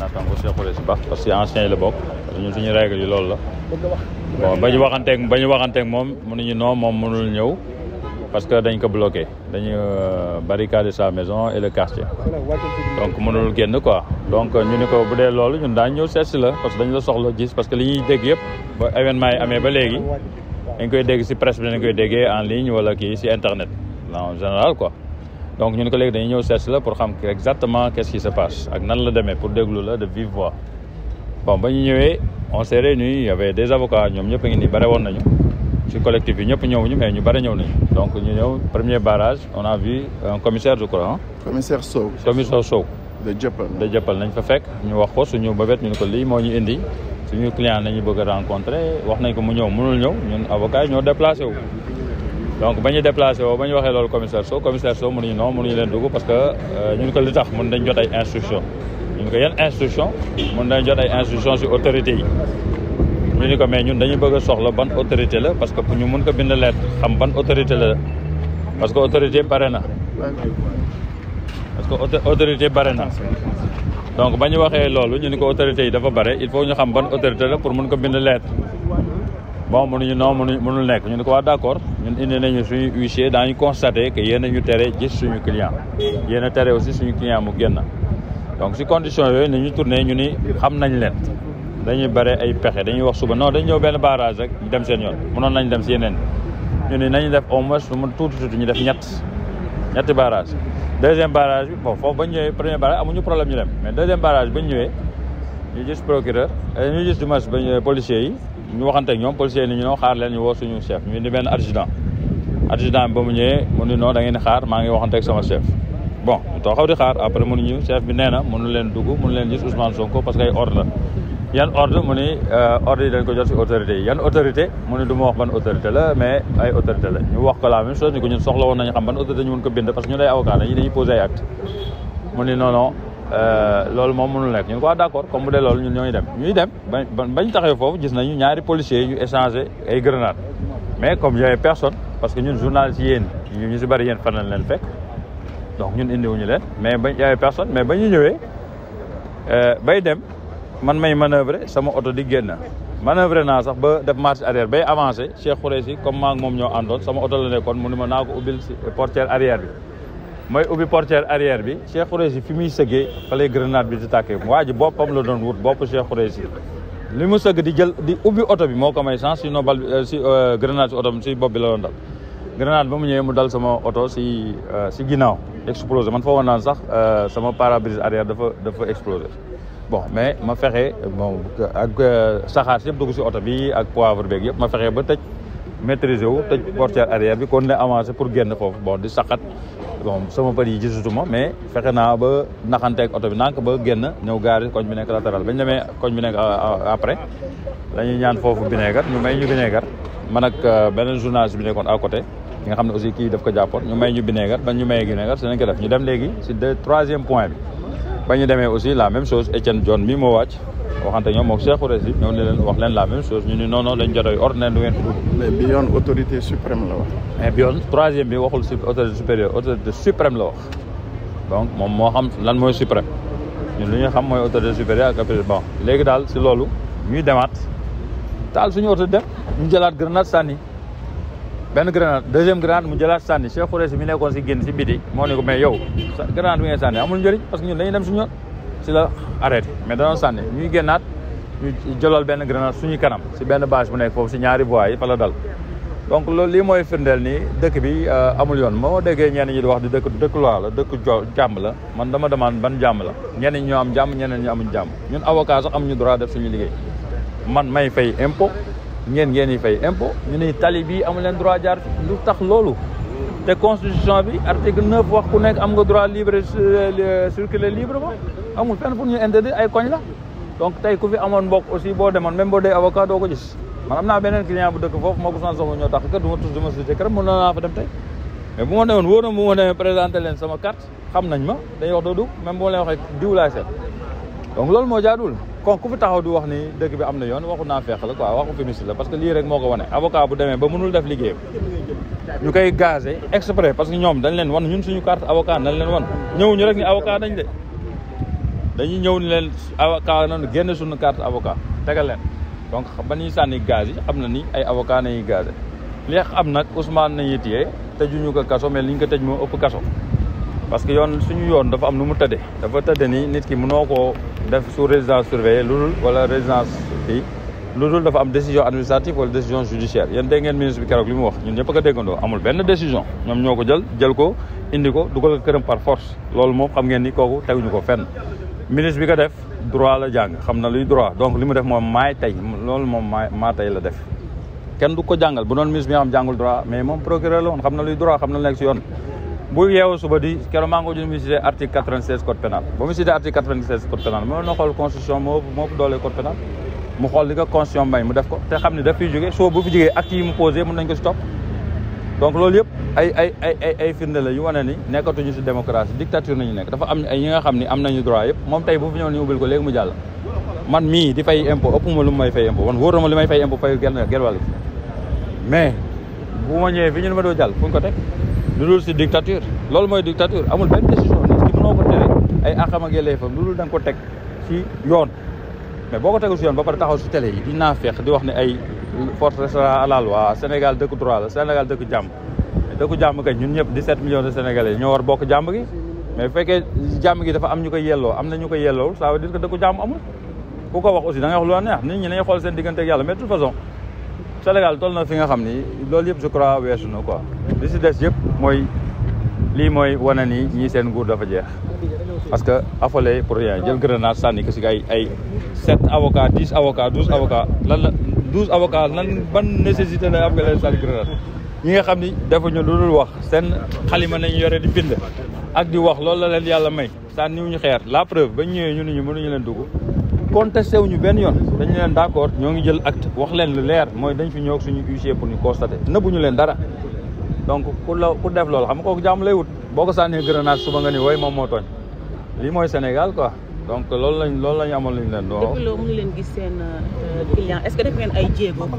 naataango Cheikhoul Islam baax parce que ancien yi la bokk ñun suñu règle yi loolu la bon ba ñu waxanteeg ba ñu waxanteen moom ñu non moom mënul ñëw parce que dañ ko bloqué dañu euh, barricade sa maison et le quartier donc mënul génn ko donc ñu ne ko bu dee loolu ñun daañ ñëw seetsi la parce que dañu la soxla gis parce que li ñuy dégg yëpp ba événement yi amee ba léegi dañ koy dégg si presse bi dañ koy déggee en ligne wala kii si internet en général quoi donc ñu ne ko léegi dañuy ñëw seet la pour xam exactement qu'est-ce qui se passe ak nan la deme pour déglu la de vive voix bon ba ñu ñëwee on s'est réunis il des avocats ñoom ñëpp a nii bare woon nañu ci collectif bi ñëpp ñëwuñu mais ñu bare ñëw nañu donc ñu ñëw premier barrage on a vu un commissaire je crois commissaire Sow commissaire Sow de jëppal de nañ fa fekk ñu wax ko suñu babet ñu ne ko lii moo ñu indi suñu client nañu bëgg a wax nañ ko mu ñëw mënul ñëw ñun avocats yi déplacé wu donc ba ñu déplacé woo ba ñu waxee loolu commissaire Sow commissaire Sow mënuñu non mënuñu leen dugg parce que euh, ñun ko li tax mën dañ jot ay instruction ñun ko yan instruction mën dañ jot ay instruction si autorité yi ñu ni ko mais ñun dañu bëgg a soxla ban autorité la parce que ñu mën ko bind lettre xam ban autorité la parce que autorité bare na parce que autorité bare na donc ba ñu waxee loolu ñu ni ko autorité yi dafa bare il faut ñu xam ban autorité la pour mën ko bind lettre bon mënuñu non mënuñu mënul nekk ñu ne ko waa d'accord ñun indi nañu suñu huissier daañu constaté que yéen a ñu tere gis suñu client yéen tere aussi suñu client mu génn donc si condition yooyu nañu tourné ñu ni xam nañ leen dañuy bare ay pexe dañuy wax suba non dañ ñëw benn barrage rek dem seen yoon mënoon nañu dem si yeneen ñu ni nañu def au moins lu mu tuuti tuuti ñu def ñett ñetti barage deuxième barage bi bon foofu ba ñu ñëwee premier barrage amuñu problème ñu dem mais deuxième barrage ba ñu ñëwee ñu gis procureur euh, ñu gis du moins policier ñu waxante ak ñoom policier ni ñu noo xaar leen ñu woo suñu chef ñu di benn adjudant adjudant ba mu ñëwee mu ni non da ngeen xaar maa ngi waxante sama chef bon ñu taxaw xaar après mu ni ñu chef bi nee na mënu leen dugg mënu leen gis Ousmane Sonko parce que ay ordre la yan ordre mu ni euh, ordre yi dañ ko jot yi yan autorité mu ni du wax ban autorité la mais ay autorité la ñu wax ko la même chose ni ko ñun soxla woon nañu xam ban autorité ñu mën ko bind parce que ñu lay avocat dañuy dañuy posé ay acte mu ni non Euh, loolu moom mënul nekk ñun ko d' accord comme bu dee loolu ñun ñooy dem ñuy dem bañ taxee foofu gis nañu ñaari policiers ñu échangé ay grenade mais comme y' personne parce que ñun journaliste yéen ñu si bëri yéen fan lañ leen fekk donc ñun indiwuñu leen mais bañ y' personne mais ba ñu ñëwee euh, bay dem man may manoeuvrer sama oto di génn manoeuvrer naa sax ba def marche arrière bay avancé Cheikh Khoureysi comme maa moom ñoo àndoon sama oto la nekkoon mu ni ma naa ko si portière arrière bi. mooy ubbi portière arrière bi Cheikh Khoureyssi fi muy sëggee fa lay grenade bi di tàkkee waa ji boppam la doon wut bopp Cheikh Khoureyssi li mu sëgg di jël di ubbi oto bi moo ko may chance sinon bal euh, si euh, grenade si oto bi si bopp bi la doon dal grenade ba mu ñëwee mu dal sama oto si euh, si ginnaaw explosé man fa woon naan sax sama pare-brise dafa dafa explosé bon mais ma fexe bon ak saxaar si yëpp dugg si oto bi ak poivre beeg yëpp ma fexee ba tëj maîtriser wu tëj portière arrière bi kon ne avancer pour génn foofu boo di saxat bon sama pari yi gisutuma mais fexe naa ba naxanteeg oto bi nank ba génn ñëw gaari koñ bi nekk latéral bañ demee koñ bi nekk après la ñuy ñaan foofu bineegar ñu may ñu bineegar man ak euh, beneen journaliste bi nekkoon à côté nga xam ne aussi kii daf ko jàppoon ñu may ñu bineegar ban ñu mayee bineegar su nañ ko ñu dem léegi si de troisième point bi ba ñu demee aussi la même chose Etienne John mi moo wàcc waxante ñoom moom Cheikh Ourési ñëw ne leen wax leen la même chose ñu ni non non lañ jotee ordinaire du ngeen bi autorité suprême la wax. mais bi yoon troisième bi waxul su autorité supérieure autorité suprême la wax donc moom moo xam lan mooy suprême ñun lu ñu xam mooy autorité supérieure ak après bon léegi daal si loolu ñuy demaat taal suñu oto dem ñu jëlaat grenade sànni. benn grenade deuxième grand mu jëlaat sànni Cheikh Khoureysi mi nekkoon si génn si biti moo ne ko mais yow grenade bi ngay sànni amul njëriñ parce que ñun dañuy dem suñu yoon si la arrêté mais danoon sànni ñuy génnaat ñu kanam si benn bâche bu nekk foofu si ñaari voies yi fa la dal donc loolu li mooy firndeel ni dëkk bi euh, amul yoon moo déggee ñenn ñi di wax di dëkk dëkk loi la dëkk jàmm la man dama demande ban jàmm la ñenn ñi ñoo am jàmm ñeneen ñu amuñ jàmm ñun avocat sax amuñu droit def suñu liggéey man may fay impôt ngeen ngeen di fay impôt ñu ne tali bi amu leen droit jaar lu tax loolu te constitution bi article neuf wax ku nekk am nga droit libre euh, circuler librement amul fenn pour ñu interdire ay koñ la donc tey ku fi amoon mbokk aussi boo demoon même boo dee avocat doo ko gis man am naa beneen client bu dëkk foofu moo ko san ñoo tax kër du ma tudd du ma sujé kër mën naa fa dem tey mais bu ma demoon wóor na bu ma demee présenté leen sama kart xam nañ ma dañuy wax doo dugg même bu ma leen waxee diw laay seet donc loolu moo jaaduwul kon ku fi taxaw di wax ni dëkk bi am na yoon waxu naa feex la quoi waxu féministe la parce que lii rek moo ko wane avocat bu demee ba mënul def liggéeyam ñu koy gazé exprès parce que ñoom dañ leen wan ñun suñu carte avocat dañ leen wan ñëwuñu rek ni avocat dañ de dañuy ñëw ni leen avocat nañu génn suñu carte avocat tegal leen donc ba ñuy sànni gaz yi xam na ni ay avocat nañuy gazé li am nag Ousmane nañuy téye tëjuñu ko kaso mais liñ ko tëj moo ëpp kaso parce que yoon suñu yoon dafa am nu mu tëddee dafa tëddee ni nit ki mënoo koo def sous résidence surveillée lu dul wala résidence fii lu dul dafa am décision administrative wala décision judiciaire yéen dégg ngeen ministre bi keroog li mu wax ñun ñëpp ko déggandoo amul benn décision ñoom ñoo ko jël jël ko indi ko dugal ko këram par force loolu moom xam ngeen ni kooku teguñu ko fenn ministre bi ko def droit la jàng xam na luy droit donc li mu def moom maay tey loolu moom maa maa tey la def kenn du ko jàngal bu doon ministre bi nga mais moom procureur la woon xam na luy droit xam na lu yoon bu yeewoo suba di keroog maa ngi ko jël muy cité article quatre vingt seize code pénal ba muy cité article quatre vingt seize code pénal moo na xool constitution moo moo ëpp doole code pénal mu xool li ko constitution may mu def ko te xam ne daf fiy jógee soo bu fi jógee actes yi mu posé mën nañ ko si topp donc loolu yëpp ay ay ay ay ay firnde la yu wane ni nekkatuñu si démocratie dictature nañu nekk dafa am ay ñi nga xam ne am nañu droit yëpp moom tey bu fi ñëw ni ubbil ko léegi mu jàll man mii di fay impôt ëpp ma lu mu may fay impôt man wóor na ma li may fay impôt fay genn wàll mais bu ma ñëwee fi ñu ne ma doo jàll fu ñu ko teg lu dul si dictature loolu mooy dictature amul benn décision nit ki mënoo ko tere ay àqam ak yelleefam lu dul da nga ko teg si yoon mais boo ko tegul si yoon ba pare taxaw si tele yi di naa feex di wax ne ay force restera à la loi Sénégal dëkku droit la Sénégal dëkku jàmm dëkku jàmm kay ñun ñëpp 17 millions de sénégalais ñoo war bokk jàmm gi mais fekkee jàmm gi dafa am ñu ko yelloo am na ñu koy yelloo ça veut dire que dëkku jàmm amul ku ko wax aussi da xool seen diggante yàlla mais de Sénégal toll na fi nga xam ni loolu yëpp je crois weesu na quoi li si des yëpp mooy lii mooy wane ni ñii seen nguur dafa jeex parce que affolé pour rien jël grenade sànni ko si ay ay sept avocats dix avocats douze avocats lan la douze avocats lan ban nécessité la am sànni grenade ñi nga xam ni defuñu lu dul wax seen xalima nañu yore di bind ak di wax loolu la leen yàlla may sànni wuñu xeer la preuve ba ñëwee ñu ni ñu mënuñu leen dugg contesté wu ñu benn yoon dañu leen d' accord ñoo ngi jël acte wax leen lu leer mooy dañ fi ñëw ak suñu huissier pour ñu constater nëbbu ñu leen dara donc ku def loolu xam nga kooku jàmm lay wut boo ko sànnee grenade suba nga ni woy moom moo tooñ lii mooy Sénégal quoi donc loolu lañ loolu lañ amoon lañ leen doo loo gis seen euh, client que def ay jéego pour